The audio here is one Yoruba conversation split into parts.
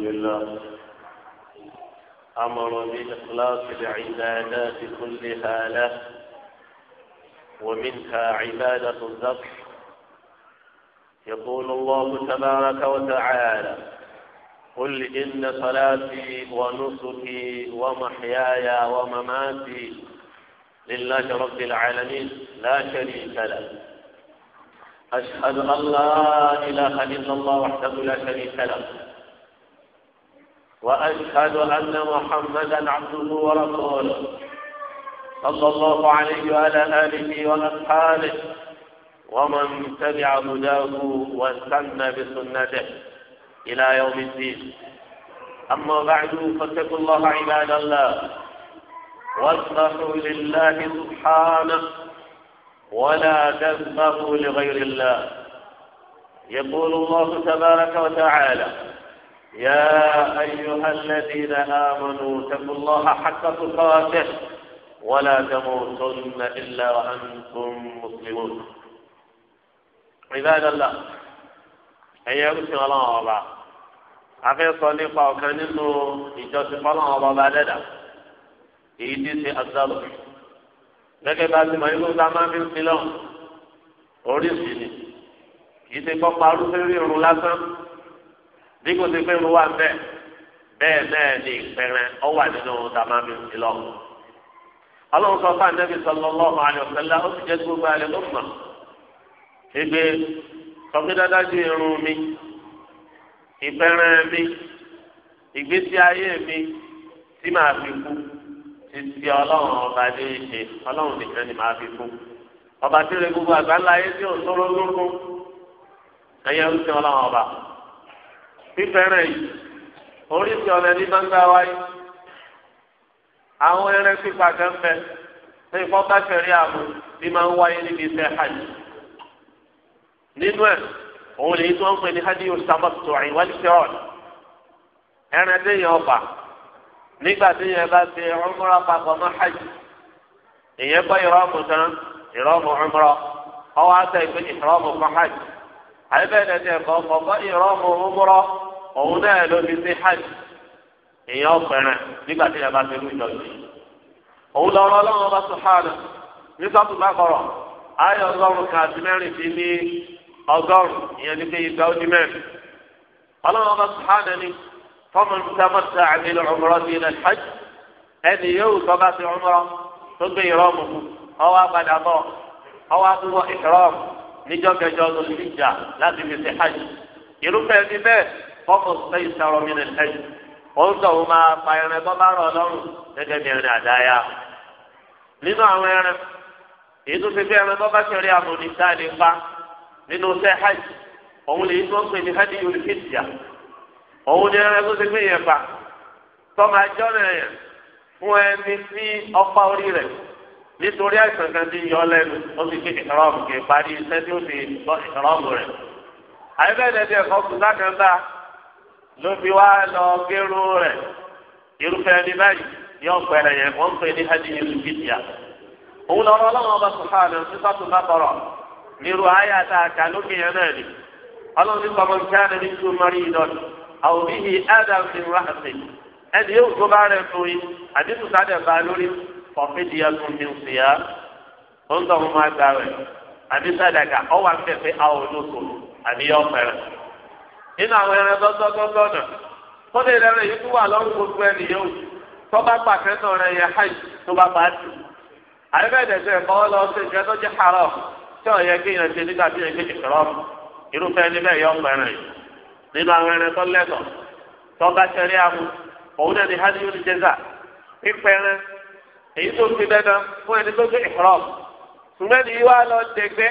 لله أمر بإخلاص العبادات كلها له ومنها عبادة الذبح يقول الله تبارك وتعالى قل إن صلاتي ونسكي ومحياي ومماتي لله رب العالمين لا شريك له أشهد أن لا إله إلا الله وحده لا شريك له وأشهد أن محمدا عبده ورسوله صلى الله عليه وعلى آله وأصحابه ومن تبع هداه واستنى بسنته إلى يوم الدين أما بعد فاتقوا الله عباد الله واصلحوا لله سبحانه ولا تسمحوا لغير الله يقول الله تبارك وتعالى يا أيها الذين آمنوا اتقوا الله حق تقاته ولا تموتن إلا وأنتم مسلمون عباد الله أيها رسول الله الله أخي صديقة وكان إنه إجازة الله الله بعدنا إيدي سي أزالو gẹ́gẹ́ bá ti mọ inú ta máa fi ń sin lọ oríṣi ni bí kò ti pé mo wà bẹ́ẹ̀ bẹ́ẹ̀ náà ni ìpẹ̀rẹ̀ ọ wà nínú dàmámi ìlọ. ọlọ́run sọ fún ànábì sallallahu alaihi wasallam ó sì jẹ́ gbogbo alẹ́ ló mọ̀. ìgbé sọfí dáadáa ju irun mi ìpẹ̀rẹ̀ mi ìgbésí ayé mi tí màá fi kú títí ọlọ́run ọba dé ṣe ọlọ́run nìkan ni màá fi kú. ọba tí ó lè gbogbo àgbáńlá ayé tí ò ń tóró lóko ẹ̀yẹ ń sin ọlọ́run ọba. fífẹ́rẹ̀ yìí oríṣi ọ̀nà ní gbangba wáyé àwọn eré pípa kan fẹ́ ṣé ìfọ́nká dị àmú bí máa ń wáyé níbi iṣẹ́ hajj nínú ẹ̀ òun lè ha ń pè ní hajj yosamatò àìwájú fẹ́ràn ẹran déyàn ọba nígbà papọ̀ mọ́ hajj bá ìrọ́mù tán ìrọ́mù ọwọ́ àtẹ ìpè ìrọ́mù fún hajj. àbẹ̀dẹ̀dẹ̀ kọ̀ọ̀kọ̀ ìrọ̀mù ọmọrọ̀ òun náà ló fi sí hajj èèyàn ọ̀pẹ̀rẹ̀ nígbà tí yàrá fi rújọ sí. òun lọ́rọ́ ọlọ́run ọba sùhánù ní sọ́tù bá kọ̀rọ̀ ayé ọgọ́rùn-ún kan àti mẹ́rin fi ní ọgọ́rùn-ún ìyẹn ní ó di mẹ́rin. ọlọ́run ni àmìlẹ̀ hajj ẹni yóò bá ti tó gbé níjọ́ kẹjọ ọdún ní ìjà láti fi ṣe hajj irúfẹ́ ní bẹ́ẹ̀ fọ́kùn sẹ́yì sọ̀rọ̀ mi ní hajj òun sọ òun máa pa ẹran ẹgbọ́n bá rọ̀ lọ́rùn gẹ́gẹ́ bí ẹran àdáyà nínú àwọn ẹran èyí tó fi bí ẹran ẹgbọ́n bá ṣẹlẹ̀ àmọ̀ ní sáà ní pa nínú sẹ́ hajj òun lè tó ń pè ní hajj yorùbá fìdíà òun ní ẹran ẹgbọ́n ti gbé yẹn pa tọ́ máa jọ́ rẹ̀ fún ẹni sí ọ̀pá nítorí àìsàn kan ti ń yọ ó sì fi kì í parí tí ó fi kù sákàndá ló fi wá lọ gérú irúfẹ́ báyìí yọ yẹn wọ́n ń pè ní òun lọ́rọ́ ọlọ́run ọba bá bọ̀rọ̀ nírú ayé àti àkà yẹn náà ni ọlọ́run ní mọ́rí yìí kọfí di ẹnu mi sì yá ó ń tọ́wọ́ máa gba rẹ̀ àbí sàdákà ọ wà ń pèsè àwọn olóko àbí yọ fẹ̀rẹ̀. nínú àwọn ẹran tọ́tọ́tọ́tọ́ náà tó lè rẹ́rẹ́ yìí tún wà lọ́rùn gbogbo ẹni yóò tó bá pàṣẹ náà rẹ̀ yẹ hajj tó bá bá tù. àríbẹ̀dẹ̀sẹ̀ kọ́ lọ sí ìjẹ́ tó jẹ́ haram tí ò yẹ kí èèyàn ṣe nígbà tí èèyàn ṣe kìrọ́m irúfẹ́ níbẹ̀ yọ fẹ̀rẹ̀ nínú àwọn ẹran tó lẹ́tọ̀ tó bá àmú òun náà ni hajj yóò èyí tó ti dandan fún ẹni tó gbé ìhrọ́m ṣùgbọ́n ní wá lọ dẹgbẹ́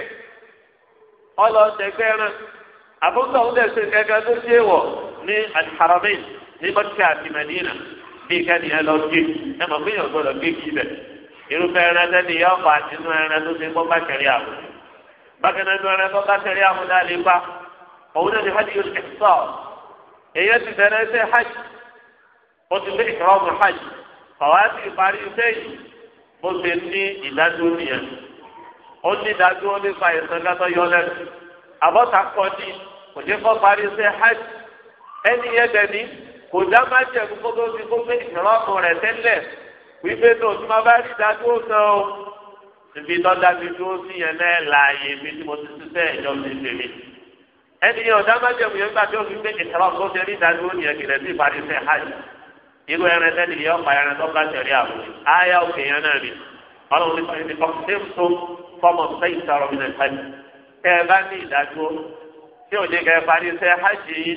ọlọ dẹgbẹ́ rẹ àbúkọ̀ ń dẹ̀sẹ̀ gẹ́gẹ́ tó ṣe wọ̀ ní aliharami ní mọ́tíkà àti mẹ́dínà bí kẹ́niyàn lọ gbé ẹ mọ̀ fún yàn gbọ́dọ̀ gbé kí irúfẹ́ ẹran tẹ́lẹ̀ yọ fà sínú ẹran tó ṣe gbọ́ bá àwọn bákan náà ẹran tó bá àwọn náà lè òun náà ti hajj yóò ṣe sọ èyí ti bẹ̀rẹ̀ ṣe hajj ó ti ọ̀wá sì parí iṣẹ́ yìí bó ṣe ní ìdádúró nìyẹn ó ní ìdádúró nípa ìsan gátọ́ yọ lẹ́nu àbọ̀tà kọ́ ni kò jẹ́ kó parí iṣẹ́ hajj ẹni yẹn dẹ̀ni kò dá má jẹ́ kókó tó ti kó pé ìrọ́pù rẹ̀ tẹ́lẹ̀ wípé tó tí ma bá rí ìdádúró sọ o ibi tó dábí dúró sí yẹn náà láàyè mi tí mo ti ṣiṣẹ́ ìjọ mi tèmi ẹni yẹn ọ̀dá má jẹ́ kó yẹn gbà tó fi pé ìrọ́pù tó ti rí ìdádúró nìyẹn kì irú ẹran sẹ́ni yọ ọ̀pá ẹran tó bá ṣẹ̀rí àbò áyá òkè yẹn náà rí ọlọ́run ní sọ́yìn ní ọ̀sẹ̀ tó fọmọ sẹ́yìn sọ̀rọ̀ mi nìkan ní. tẹ́ ẹ bá ní ìdájọ́ tí ò ní kẹ́ ẹ parí sẹ́ hajj yìí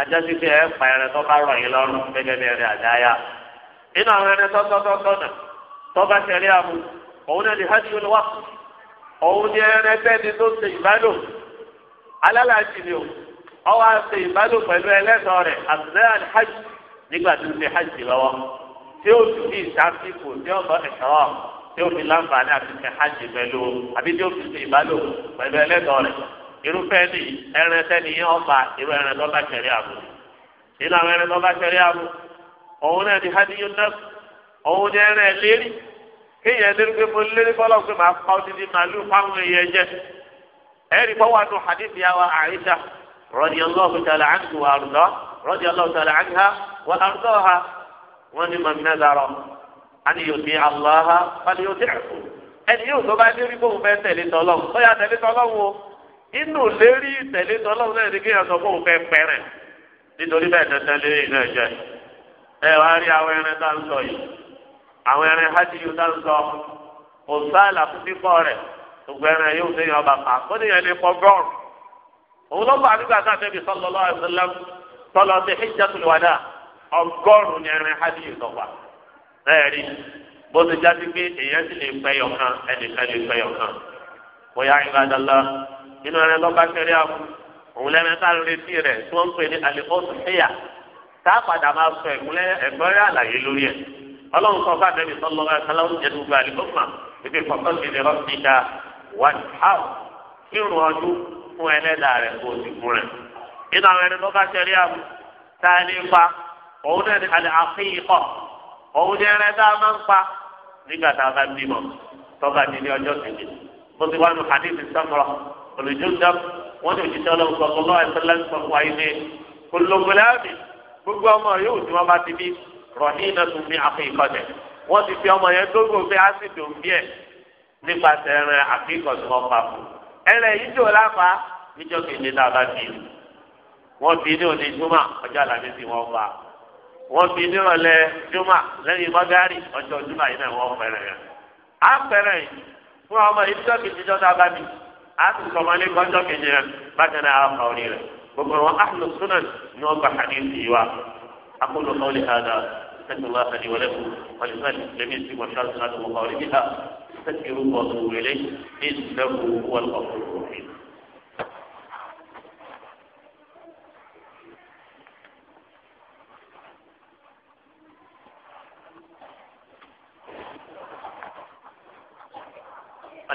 ajásí pé ẹ pa ẹran tó bá rọ̀ yín lọ́rùn gẹ́gẹ́ bí ẹran àdáyà. inú àwọn ẹran tọ́tọ́tọ́tọ́nà tó bá ṣẹ̀rí àbò òun náà ní hajj yóò wá òun ní ẹran ẹgbẹ́ni tó ṣe ìbálò alálàájì ni ò ọwọ́ àṣe ìbálò pẹ̀lú ẹlẹ́tọ̀ọ́ rẹ̀ àṣẹ nígbà tí ó ṣe hajj lọ́wọ́ tí ó sì ìsásìkò tí ó bọ́ ẹ̀ṣọ́ tí ó fi láǹfààní àti ṣe hajj pẹ̀lú àbí tí ó fi ṣe ìbálò pẹ̀lú ẹlẹ́dọ̀ọ́ rẹ̀ irúfẹ́ ní ẹran sẹ́ni yẹn ọba irú ẹran tó bá ṣẹlẹ̀ àbò nínú àwọn ẹran tó bá ṣẹlẹ̀ àbò òun náà ni hadiyu náà òun ni ẹran ẹ lérí kéèyàn lérí pé mo lérí bọ́lá pé màá pa odidi màálùú fáwọn èèyàn jẹ radiyallahu ta'ala anha wa ardaha wọ́n ní mọ̀ nẹ́gàrọ̀ àni yóò ti aláha wàni yóò ti ẹ̀kú ẹni yóò tó bá dé rí bóun fẹ́ tẹ̀lé tọ́lọ́hún ó yà tẹ̀lé o inú lérí tẹ̀lé tọ́lọ́hún náà ní kí yàtọ̀ bóun fẹ́ pẹ́rẹ̀ nítorí bẹ́ẹ̀ tẹ̀tẹ̀ lérí náà jẹ́ ẹ wá rí àwọn tá ń sọ yìí àwọn hajj yóò tá ń sọ fún tọ́lọ sí hijjatul wada ọgọ́rùn-ún ní ẹran hajj lọ́wọ́ bẹ́ẹ̀ rí bó ti jáde pé èèyàn sì lè pẹ́yọ̀ kan ẹnìkan lè pẹ́yọ̀ kan bóyá ibadallah nínú ẹran lọ́ba kẹrẹ́ àbú òun lẹ́nu tá a lè retí rẹ̀ tí wọ́n ń pè ní àlèkóso ẹ̀yà tá a padà máa sọ ẹ̀kúnlẹ̀ ẹ̀gbọ́rẹ́ àlàyé lórí ẹ̀ ọlọ́run sọ fún àtẹ̀bí sọlọ́wọ́ ẹ̀kálá oúnjẹ tó gba àlèkóso ìpè kọ̀ọ̀kan ti lè rọ́ọ̀tì dá wàhálà kírun ọdún fún ẹlẹ́dàá rẹ̀ kó o ti fún rẹ̀ inú àwọn ẹni lọ́ba ṣẹlẹ̀ àbú tá a lè pa òun náà ní alẹ́ àfihàn òun ní ẹrẹ tá a máa ń pa nígbà tá a bá bímọ tọ́ka ní ní ọjọ́ kejì bó ti wá nu hadith sọ́kọ̀rọ̀ olùjọ́dá wọ́n ti òṣìṣẹ́ ọlọ́run sọ̀kọ̀ lọ́wọ́ ẹ̀sẹ̀lẹ̀ sọ̀kọ̀ ayé ní kòlógbòláàbì gbogbo ọmọ yóò tí wọ́n bá ti bí rọ̀hínà tún bí àfihàn wọ́n ti fi ọmọ yẹn dógò pé ásìdò ń bí ẹ̀ nípasẹ̀ rẹ̀ àfihàn tí wọ́n pa fún ẹ̀rẹ̀ yíjò láfa níjọ́ kejì náà wọ́n fi ní òní júmọ̀ ọjọ́ àlàmísì wọ́n fa wọ́n fi ní ọ̀lẹ́ júmọ̀ lẹ́yìn mọ́gárì ọjọ́ júmọ̀ yìí náà wọ́n pẹ̀rẹ̀ rẹ̀. a pẹ̀rẹ̀ yìí fún ọmọ yìí tó kejì jọ́ta bá mi a sì sọmọ ní kọjọ́ kejì rẹ̀ bákan náà àwọn ọ̀rẹ́ rẹ̀ gbogbo wọn ahlu sunan ni wọn gba hadithi wa akulu qawli hada استغفر الله لي ولكم وللمسلمين في مشاركة وقوله بها استغفروه واتوبوا اليه انه هو الغفور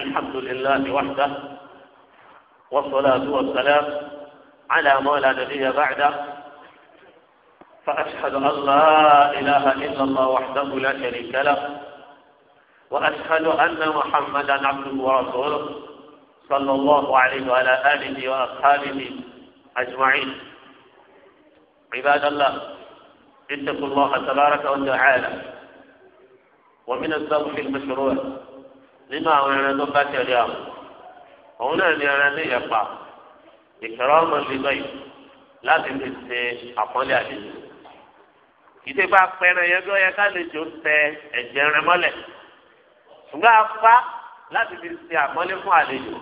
الحمد لله وحده والصلاة والسلام على ما لا نبي بعده فأشهد أن لا إله إلا الله وحده لا شريك له وأشهد أن محمدا عبده ورسوله صلى الله عليه وعلى آله وأصحابه أجمعين عباد الله اتقوا الله تبارك وتعالى ومن الذبح المشروع nínú àwọn ẹran tó bá tẹ̀lé àwọn òun náà ní ẹran léyìn ẹ̀pà ìṣòro ọmọ ìlú yìí láti fi ṣe àpọ́nlé àdéhùn ìdè bá pẹ́ẹ́rẹ́ yẹn bí ó yẹ ká lè jò tẹ ẹ̀jẹ̀ rẹ mọ́lẹ̀ ṣùgbọ́n afá láti fi ṣe àpọ́nlé fún àlejò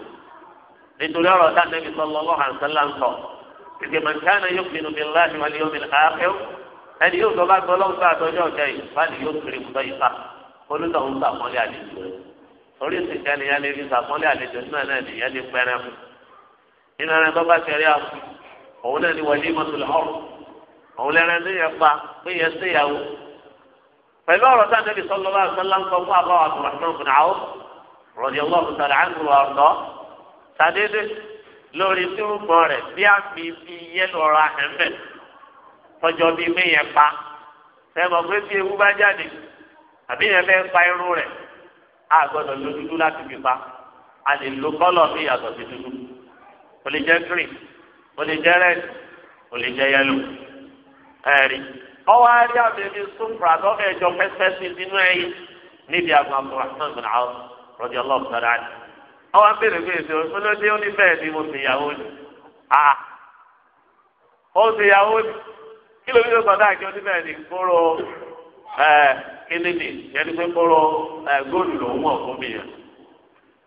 nítorí ọ̀rọ̀ dáńdẹ́bí sọlọ ọlọ́hàn sẹ́lá ń sọ ìdè mọ̀tíánà yóò pinnu bí láti wọlé yóò mìíràn káàkiri ẹni yóò sọ bá gbọ́ lọ́wọ́ sọ àtọ́jọ́ ọ̀jẹ́ yìí oríṣi kẹ́ni yẹn lè fi sàkọ́lé àlejò nínú ẹ̀ náà nìyẹn lè pẹ́rẹ́ mu nínú ẹ̀rẹ́ bábà kẹrí àwọn òun náà ni wọlé mọ́tòlá ọ̀rọ̀ òun lẹ́rẹ́ ní yẹn pa pé yẹn séyàwó pẹ̀lú ọ̀rọ̀ tá a débi sọ́lọ́ bá sọ́lá ń sọ fún àbá wa tòun àti ọ̀gbìn àwọn rọ̀dì ọlọ́run tàdé àǹkùrù ọ̀dọ́ tàdédé lórí túrúgbọ̀n rẹ̀ bí àmì fi yẹn lọ́ra ẹ̀mẹ́ tọjọ́ bíi mí yẹn pa ẹ̀ mọ̀ pé bí ewu bá jáde àbí yẹn fẹ́ pa irú rẹ̀ a gbọ́dọ̀ lo dúdú láti fi pa a lè lo kọ́lọ̀ ní ìyàtọ̀ sí dúdú o lè jẹ́ green o lè jẹ́ red o lè jẹ́ yellow ẹ̀rí ọwọ́ àárí àbẹ̀bí súnfà lọ́fẹ̀ẹ́ ẹjọ́ pẹ́sẹ́sì nínú ẹ̀yìn níbi àgbà abdulrahman bin aw rọ̀jò ọlọ́ọ̀tàrà ni ọwọ́ abẹ́rẹ́ pé èsì olóde ó ní bẹ́ẹ̀ ni mo sì yàwó ni a ó sì yàwó ni kí ló ń yọ sọ̀dá àjọ ní bẹ́ẹ̀ ni kóró ẹ̀ kílíìnì yẹn ní pé kóró góòlù lòún mọ̀ fún mi yẹn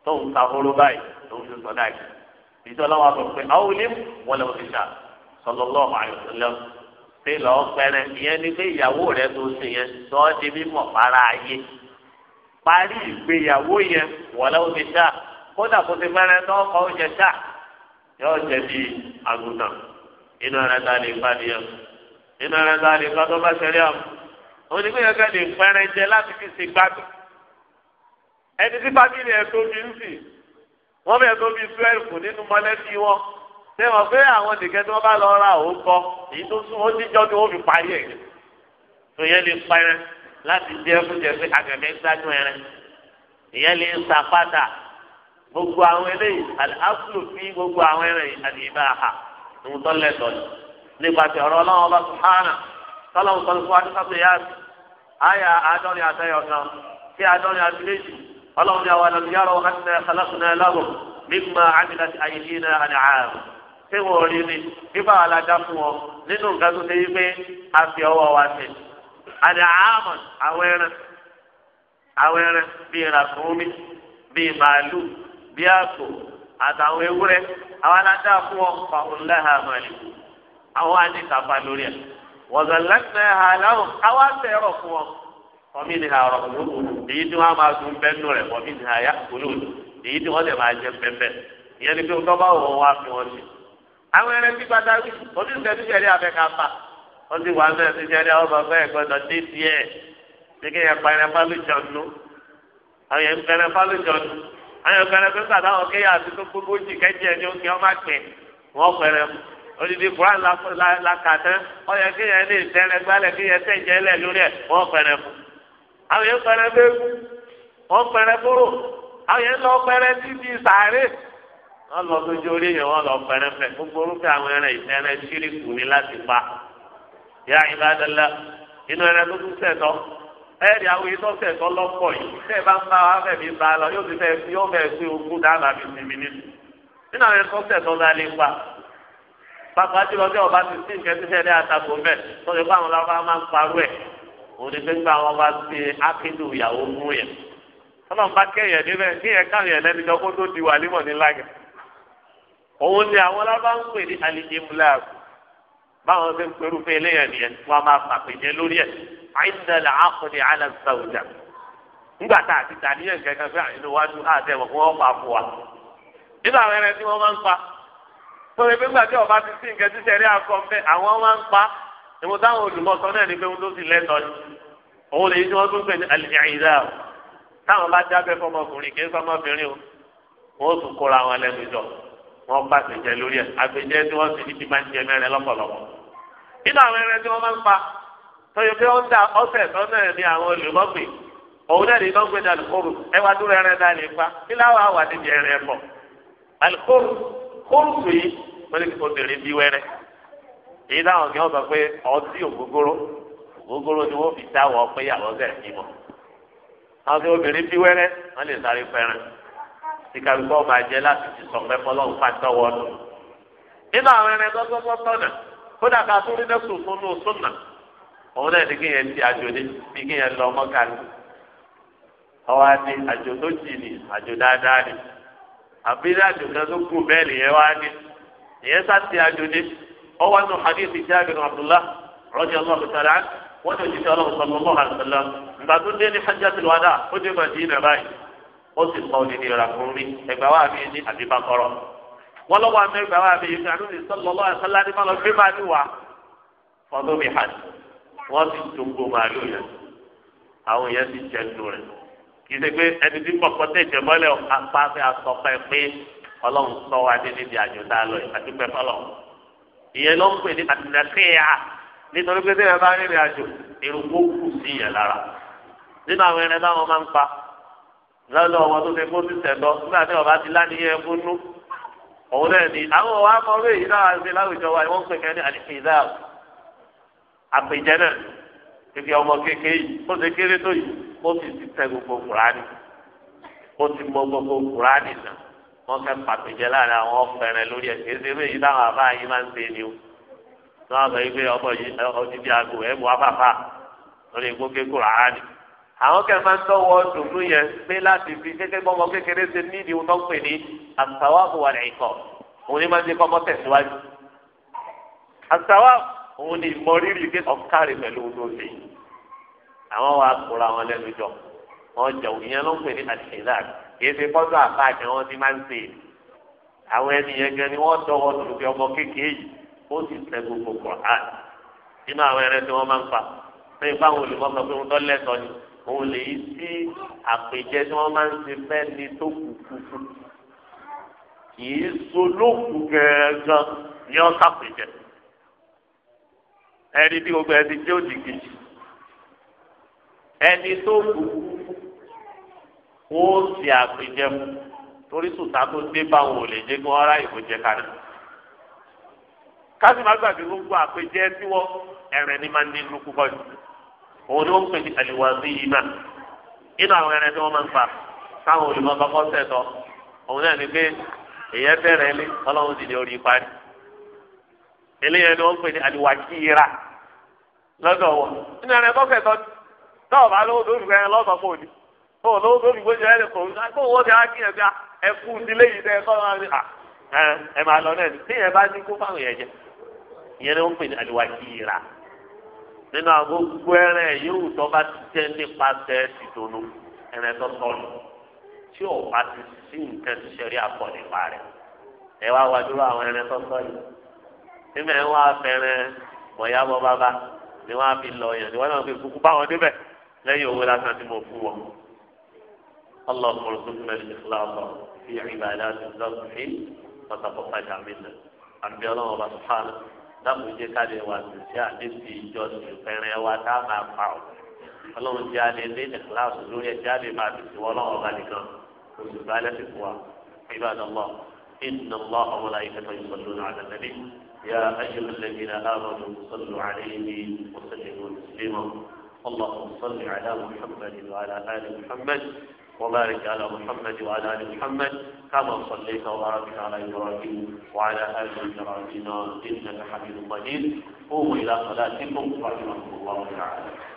tóun ta horo báyìí lòún fi sọ dáì ìjọba wa sọ pé àwọn ilé wọn lè wọ́n ti sà sallallahu alaihi wasallam pé lọ́ọ́ pẹ́rẹ́ ìyẹn ni pé ìyàwó rẹ tó ṣe yẹn sọ ọ́ di mímọ̀ para ayé parí ìgbéyàwó yẹn wọ́n lè wọ́n ti sà kódà kó ti fẹ́rẹ́ tó ọkọ̀ oúnjẹ sà yóò jẹ bí àgùntàn inú rẹ̀ ta lè gbá nìyẹn inú onígbéyàn kan lè pẹrẹ jẹ láti fi ṣe gbádùn ẹni tí fámìlì ẹ tóbi ń sì wọn bẹ tóbi twelve nínú mọ̀lẹ́bí wọn ṣé wọn pé àwọn nìkan tí wọn bá lọ ra òókọ èyí tó sún ó níjọ ni wọn fi parí ẹ ìyẹn lè pẹrẹ láti jẹ fúnjẹ pé àgàmẹ gbádùn ẹrẹ ìyẹn lè ṣàpàdà gbogbo àwọn eléyìí àlùfáà fi gbogbo àwọn ẹrẹ àdìbà àhà ìmùtọ́lẹ̀ tọ́lẹ̀ ọ̀rọ̀ ọlọ́run ọba sùhánà tọ́lọ́mù sọ fún adúsáfù yá àyà àádọ́rin àtẹ́yọ̀ kan sí àádọ́rin àti méjì ọlọ́run ní àwọn àlọ́lù yàrá wọn àti kàlákùnà ẹlọ́run nígbà àmìlà àyèjì náà àní àárọ̀ tí wọn ò rí ni bíbá alájà fún wọn nínú nǹkan tó ṣe yí pé a fi ọwọ́ wa ṣe àní àárọ̀ àwọn ẹran àwọn ẹran bíi ràkúnmí bíi màálù bíi àpò àtàwọn ewúrẹ́ àwọn alájà fún wọn fàwọn lẹ́hàmọ́lì àwọn àníkàfà lórí ẹ̀. wọ̀gànlẹ́sẹ̀ a káwá sẹ̀rọ̀ fún wọn ọmọ ìnìhà ọ̀rọ̀ olóko èyí tí wọ́n máa dun bẹ́ẹ̀nù rẹ̀ ọmọ ìnìhà yá olóko èyí tí wọ́n lè máa jẹ pẹ́pẹ́ ìyẹn ni pé wọ́n bá wọ̀ wá fi wọn sí. àwọn ẹrẹ tí gbàdá rí oníṣẹ́ tíṣẹ́rí abẹ́ ká fa wọ́n ti wà àwọn bàbá dé odidi kuran la kà tán ọyọ kí yẹn lè tẹrẹ gbálẹ̀ kí yẹn tẹjẹ lẹ lórí ẹ wọn pẹrẹ fún àwọn yẹn pẹrẹ fún eku wọn pẹrẹ fúrò àwọn yẹn lọ pẹrẹ títí sàárè wọn lọ lójú orí yẹn wọn lọ pẹrẹ fẹ gbogbo orúkọ àwọn ẹrẹ ìtẹrẹ sírí kù ní láti pa yá ìbádọlá inú ẹrẹ tó tún sẹtọ ẹẹdì àwọn yìí tó sẹtọ lọ́pọ̀ yìí tẹ bá ń bá wa fẹmi bá lọ yóò fẹ yóò fẹ gbé ogún dábàá mi sinmi nínú nínú pàápàá jùlọ bí ọba ti sí nǹkan tí sẹ́ni àtàkù ń bẹ̀ tó ti fáwọn lọ́wọ́ máa ń parú ẹ̀ òun ni gbégbá wọn bá ti ákédù ìyàwó mú yẹn tọ́lọ́n bá kẹ́yẹ̀ níbẹ̀ kí yẹn yẹn lẹ́nu jọ kó tó di wàlímọ̀ ní lágẹ̀ òun ni àwọn lọ́wọ́ ń pè ní alìjẹmúláàb báwọn ṣe ń perú fún eléyàn nìyẹn wọn máa pàpèjẹ lórí ẹ àìsàn àkọni alàzàwùjà nígbà tá a ti tà níyẹn kẹkẹ fún àìsàn wájú àti fún wọn sọ̀rọ̀ ẹgbẹ́ gbà tí ọba ti sí nǹkan tí sẹ́rí akọ mbẹ́ àwọn máa ń pa ìwọ táwọn olùmọ̀sán náà ní pé wọ́n tó sì lẹ́tọ̀ọ́ ni òun lè yí tí wọ́n tún pè ní o táwọn bá dábẹ́ fọmọkùnrin kì í fọmọbìnrin o wọ́n tún kóra wọn lẹ́nu jọ wọ́n bá àgbẹ̀jẹ lórí ẹ̀ àgbẹ̀jẹ tí wọ́n sì ní ti máa ń jẹ mẹ́rin lọ́pọ̀lọpọ̀ nínú àwọn ẹrẹ tí wọ́n máa ń pa tọ́jú pé wọ́n da ọ̀sẹ̀ tọ́nà ní àwọn olùmọ̀pè òun náà ní ìdánwò alukóru ẹwà dúró ẹrẹ náà lè pa níláwọ̀ àwà níbi ẹrẹ ẹ̀fọ́ alukóru kóòtù yìí wọ́n lè obìnrin bí wẹ́rẹ́ èyí táwọn kí wọ́n sọ pé ọtí ògógóró ògógóró ni wọ́n fi dáwọ́ pé ìyàwó sẹ̀ bímọ àwọn kí obìnrin bí wẹ́rẹ́ wọ́n lè sáré fẹ́ràn síkàbí kọ́ máa jẹ láti ti sọ pé tọ́wọ́ nínú àwọn ẹrẹ kódà ká tó rí fún òun náà ti àjò ní bí ọwọ́ àbílẹ̀ àjòkè tó kù bẹ́ẹ̀ nìyẹn wá ní ìyẹn sáti àjòdì ọwọ́ nù hadithi jábìrì abdullah rọ́jì ọlọ́run sọ̀rọ̀ án wọ́n ti jíjẹ́ ọlọ́run sọ̀rọ̀ mọ́ àṣàlá ìgbà tó dé ní hajjatul wada ó dé Madina báyìí ó sì pa òdìdí ìràkùnrin ẹgbà wà mí ní àbíbá kọ́rọ̀ wọ́n lọ́wọ́ àmì ẹgbà wà mí ìgbà lónìí sọ̀rọ̀ àṣàlá ní mọ́lọ́ gbé máa níwà fọdún mi hàn wọ́n ti dùn gbogbo àlóyè àwọn yẹn ti jẹ́ nù rẹ̀ kìí ṣe pé ẹni tí kọkọ tẹ ìjẹmọlẹ apá fẹ asọpẹ pé Ọlọ́run sọ wa dé níbi àjò tá a lọ àdúpẹ́ fọ́lọ́run ìyẹn ló ń pè ní àtìlẹsíyà nítorí pé tẹ́lẹ̀ bá rìnrìn àjò èròǹgbò kù sí ìyẹn lára nínú àwọn ẹran báwọn máa ń pa lọ́dọ̀ ọmọ tó ṣe kó ti sẹ̀dọ̀ nígbà tí ọba ti láníyàn ẹkún òun náà ni àwọn ọ̀wá mọ orí èyí náà ṣe láwùjọ wa wọ́n ń pè kẹ́ni àdìfìdá àpèjẹ náà kékeré ọmọ kékeré yìí ṣe kéré tó yìí ó sì ti tẹ gbogbo kùránì ó ti mọ gbogbo kùránì náà wọ́n fẹ́ pàtẹ́jẹ́ láàrin àwọn ọ̀fẹ́rẹ́ lórí ẹ̀ kéde bí èyí táwọn àbá yìí máa ń ṣe ni o náà sọ pé ọmọ yìí ọdídí aago ẹ̀ mú afáfá lórí gbókè kùránì àwọn kẹ́ máa ń tọ́wọ́ dùnú yẹn pé láti fi kékeré bọ́mọ kékeré ṣe nídìí wọn tó ń pè ní àtàwáàbù wà lẹ́yìnkọ́ òun ni máa ń jẹ́ kọ́mọ tẹ̀síwájú àtàwáàbù òun ni ìmọ̀rírì ọ̀kárì pẹ̀lú olóòlì yìí àwọn wa kóra wọn lẹ́nu jọ wọn jẹun ìyẹn ló ń pè ní àtìlá kì í ṣe fọ́tò àfáàjẹ wọn ti máa ń ṣe àwọn ẹni yẹn gan ni wọ́n tọwọ́ tòun fi ọmọ kékeré yìí ó sì tẹ gbogbo kọ̀ọ̀án nínú àwọn ẹrẹ tí wọ́n máa ń pa pé báwọn olùkọ́ sọ pé wọ́n tọ́ lẹ́tọ̀ọ́ ni òun lè yí sí àpèjẹ tí wọ́n máa ń ṣe fẹ́ni tó kù kúkú kì í so lókù gẹ̀ẹ́gàn ní ọ̀sàpèjẹ ẹni tí gbogbo ẹni tí ó dìgbì yìí. ẹni tó kú ó sì àpèjẹmu torí sùtá tó dé báwọn ò lè jẹ kí wọn rà jẹ kárí kásìmá gbàgbé gbogbo àpèjẹ tiwọ ẹrẹ ni máa ń ní inú púpọ̀ òun ni wọn pè ní àlìwàzí yìí náà inú àwọn ẹrẹ tí wọn máa ń káwọn sẹtọ òun náà ni pé èyẹ sì ní orí parí eléyẹn ni wọn pè ní tọ́ọ̀ bá lówó tó fi gbẹ́yẹn lọ́sọ̀ fún òní tọ́ọ̀ lówó tó fi gbẹ́yẹn ẹ̀rẹ́ kò ní kó wọ́n ti á kí ẹ̀ka ah, ẹ̀kú ìdílé yìí tẹ́ ẹ kọ́ máa ní ah, ẹ máa lọ náà ní tí yẹn bá ní kó fáwọn yẹn jẹ ìyẹn ni wọ́n pè ní àlùwàkìrà nínú àgbo gbẹ́rẹ́ yóò tọ́ bá ti jẹ́ nípasẹ̀ tìtònú ẹ̀rẹ́ tó tọ́lù tí ò bá ti sí nǹkan ti ṣẹ̀rí àpọ̀ nípa rẹ̀ ẹ wá wájú àwọn ẹ̀rẹ́ tó tọ́lù nígbà yẹn wọ́n á fẹ́rẹ́ bọ̀yá bọ́ bábá ni wọ́n á fi lọ yẹn ni wọ́n náà fi kúkú bá wọn débẹ̀ lẹ́yìn owó lásán tí mo fún wọn. اللهم ارزقنا الاخلاص في عبادات الذبح وتقبل منا àbí ọlọ́run bá sùpàánù dáàbò jẹ́ káde wa ṣiṣẹ́ àdébí ìjọsìn fẹ́rẹ́ wa tá a máa pa ọ́ ọlọ́run jẹ́ alẹ́ lé ní kíláàsì lórí ẹ̀jẹ̀ àbí máa fi sí ọlọ́run bá nìkan oṣù bá lẹ́sẹ̀ fún wa ìbàdàn lọ inna allah اللهم صل على محمد وعلى آل محمد وبارك على محمد وعلى آل محمد كما صليت وباركت على إبراهيم وعلى آل إبراهيم إنك حميد مجيد قوموا إلى صلاتكم رحمكم الله تعالى